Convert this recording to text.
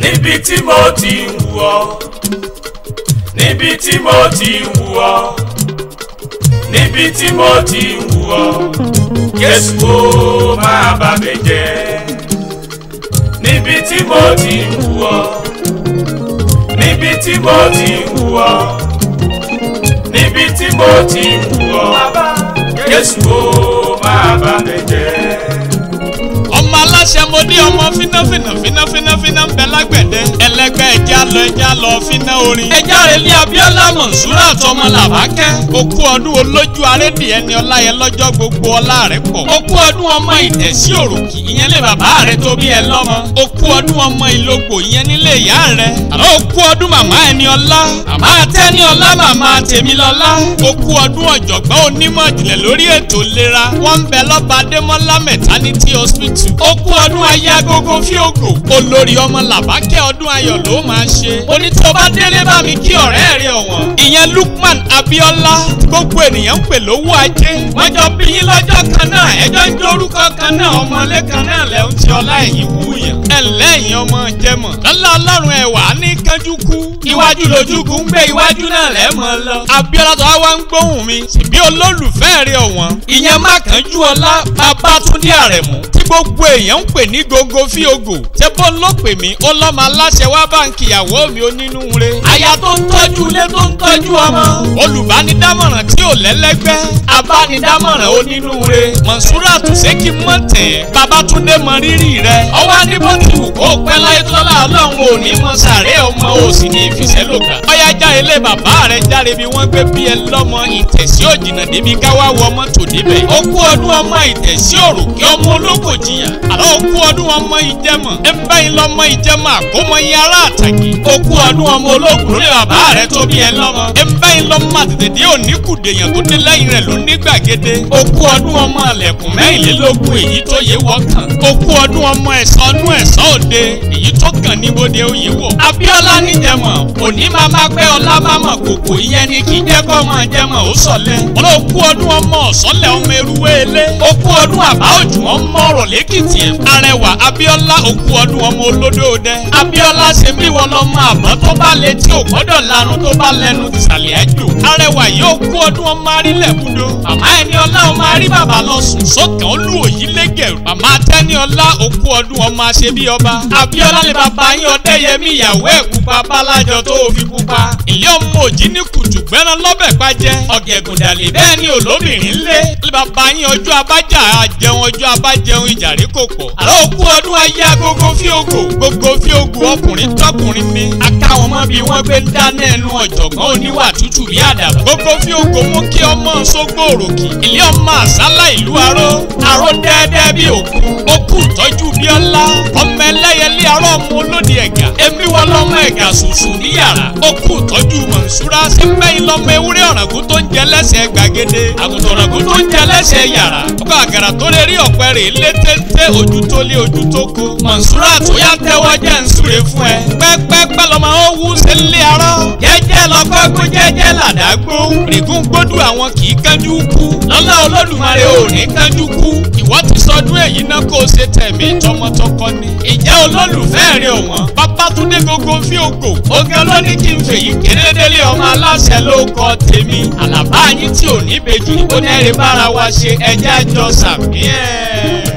níbi tí mo ti ń wù ọ́ níbi tí mo ti ń wù ọ́ níbi tí mo ti ń wù ọ́ Jésù ó máa bà mí jẹ́ níbi tí mo ti wù ọ́ níbi tí mo ti wù ọ́ níbi tí mo ti wù ọ́ Jésù ó máa bà mí jẹ́. ọmọ aláṣẹ mo dé ọmọ fínáfínà fínáfínà lẹ́gbẹ́ ẹja lọ ẹja lọ fínà orin. ẹja rẹ ní Abíọ́lá Mọ̀nsúrà àtọmọ làbákẹ́. okú ọdún olójú arédè ẹni ọlá yẹn lọ́jọ́ gbogbo ọlá rẹ pọ̀. okú ọdún ọmọ ìtẹ̀sí òròkì ìyẹn lè bàbá rẹ tó bí ẹ lọ́mọ. okú ọdún ọmọ ìlógbò ìyẹn nílé ìyá rẹ. àlọ́ okú ọdún màmá ẹni ọlá. màmá tẹ́ni ọlá màmá tèmi lọ́lá. okú ọdún ọ̀jọ̀gbọ́n onímọ̀ ìjìnlẹ̀ ayọ̀ ló máa ṣe. ó délé bá mi kí ọ̀rẹ́ rẹ ọ̀wọ́n. ìyẹn Lukman Abiola gbogbo ènìyàn ń pè lówó ajé. wọ́n jọ bí yín lọ́jọ́ kan náà ẹjọ́ ń dorúkọ kan náà ọmọlé kan náà lẹ́ ń ti ọlá ẹ̀yìn wú yẹn. ẹ lẹ́yìn ọmọ jẹmọ̀. lọ́lá ọlọ́run ẹ̀wà ní kánjú kú. iwájú lójúkú ń gbé iwájú náà lẹ́ mọ́ lọ. Abiola tó wá ń gbóhùn mi. ṣèbí olólùfẹ́ rẹ ọ̀wọ́n. ìyẹn má kánjú ọlá bàbá tún ní àrẹ̀mú gbogbo èèyàn ń pè ní gogo fi ogo ṣé bó ló pè mí ó lọ́mọ aláṣẹ wá báǹkì ìyàwó mi onínúure. aya tó ń tọ́jú ilé tó ń tọ́jú ọmọ. olùbánidámọ̀ràn tí ò lẹ́lẹ́gbẹ́. abánidámọ̀ràn onínúure. mọ̀nsúrà tùsẹ́kì mọ̀tẹ̀ babatunde mọ rírì rẹ̀. ọwọ́ ní ó pẹ́ láyé tọ́lá ọlọ́run ò ní mọ sàré ọmọ ò sì ní ìfìsẹ́ lògbà. ọyá já ilé bàbá rẹ̀ járe bí wọ́n gbé bí ẹ lọ́mọ ìtẹ̀sí òjìnà débi káwá wọ ọmọ tò débẹ̀. ó kú ọdún ọmọ ìtẹ̀sí òrùkí ọmọ olóko jiyàn. àlọ́ ó kú ọdún ọmọ ìjẹmọ̀. ẹ bá yín lọ́mọ ìjẹmọ̀ àkómọ yín ará àtàkì. ó kú ọdún ọmọ olóko lé bàbá rẹ̀ tó bí ẹ lọ́mọ. ẹ bá lóde èyí tó kàn ní bóde oyè wò. Abíọ́lá níjẹmọ̀ òní máa má pẹ́ ọlá má mọ̀ kòkò ìyẹn ni kí jẹ́ kọ́ máa jẹmọ̀ ó sọ̀lẹ̀. olóòkú ọdún ọmọ ọ̀sọ́lẹ̀ ọmọ erúwé ilé. okú ọdún àbá òjò ọmọ ọ̀rọ̀ lẹ́kìtì ẹ̀. arẹwà Abíọ́lá okú ọdún ọmọ olódó dẹ. Abíọ́lá ṣe bí wọn lọ mọ àbọ̀ tó bá lè tí ò gbọ́dọ̀ lanu tó bá lẹnu tìsàlẹ̀ ẹ̀jò. arẹwà yóò kú ọdún ọmọ arílẹ̀ kudo. àmọ́ ẹni pupa. Abíọ́lá lè bàbá yín Ọdẹ́yẹmí ìyàwó ẹ̀ pupa bálájọ tó fi pupa. Ilé ọmọ òjì ní kùtù gbẹ́ran lọ́bẹ̀ pàjẹ́. Ọ̀gẹ̀gùn dàlẹ̀ bẹ́ẹ̀ ni olóbìnrin lé. Lè bàbá yín ọjọ́ abájà àjẹun ọjọ́ abájẹun ìjàrí kò pọ̀. Àlọ́ òkú ọdún ayé agogo fíògò. Gbogbo fíògò ọkùnrin tọkùnrin ni. Akáwọn mọ bí wọ́n gbé dáná ẹnu ọ̀jọ̀gbọ́n oníwà tútù rí àdàbà. Gbogbo fíògò mú kí ọmọ sógbó òròkì. Ilé ọmọ àsálà ìlú aró. Aró dẹ́ẹ́dẹ́ bí òkú. Ó kù ilé ọlọ́mọ olóde ẹ̀gà èmi wọ́n lọ́mọ ẹ̀gà ṣùṣù níyàrá ó kú ìtọ́jú mọ̀nsúra ìlọ́mọ ọ̀ràngún tó ń jẹ lẹ́sẹ̀ gbàgede àgùntàn ọ̀ràngún tó ń jẹ lẹ́sẹ̀ yàrá ọkọ̀ àgàrà tó lè rí ọ̀pẹ rè lé téńté ojú tó lé ojú tó ko mọ̀nsúrà tó yá tẹ́wọ́ jẹ́ ń súre fún ẹ pẹ́pẹ́pẹ́ lọ́mọ ó wú sí ilé arọ́ jẹ́jẹ́ lọ́pẹ́ kó jẹ́jẹ́ làdágbó rìgún gbódù àwọn kì í kánjú kú lọ́lá olódùmarè ò ní kánjú kú ìwọ ti sọdún èyí náà kó o ṣe tẹ̀mí tọmọtọkọ ni ìjẹ́ olólùfẹ́ rẹ̀ ọ̀wọ́n Babátúndé gógó fí ògò ọ̀gá ló kí n fèyí kérédélé ọmọ aláṣẹ ló kọ́ tèmi èmi àlàbáyé tí ò ní bèjì ó nẹ́rìí bára wa ṣe ẹjẹ́ àjọ sàmí ẹ̀.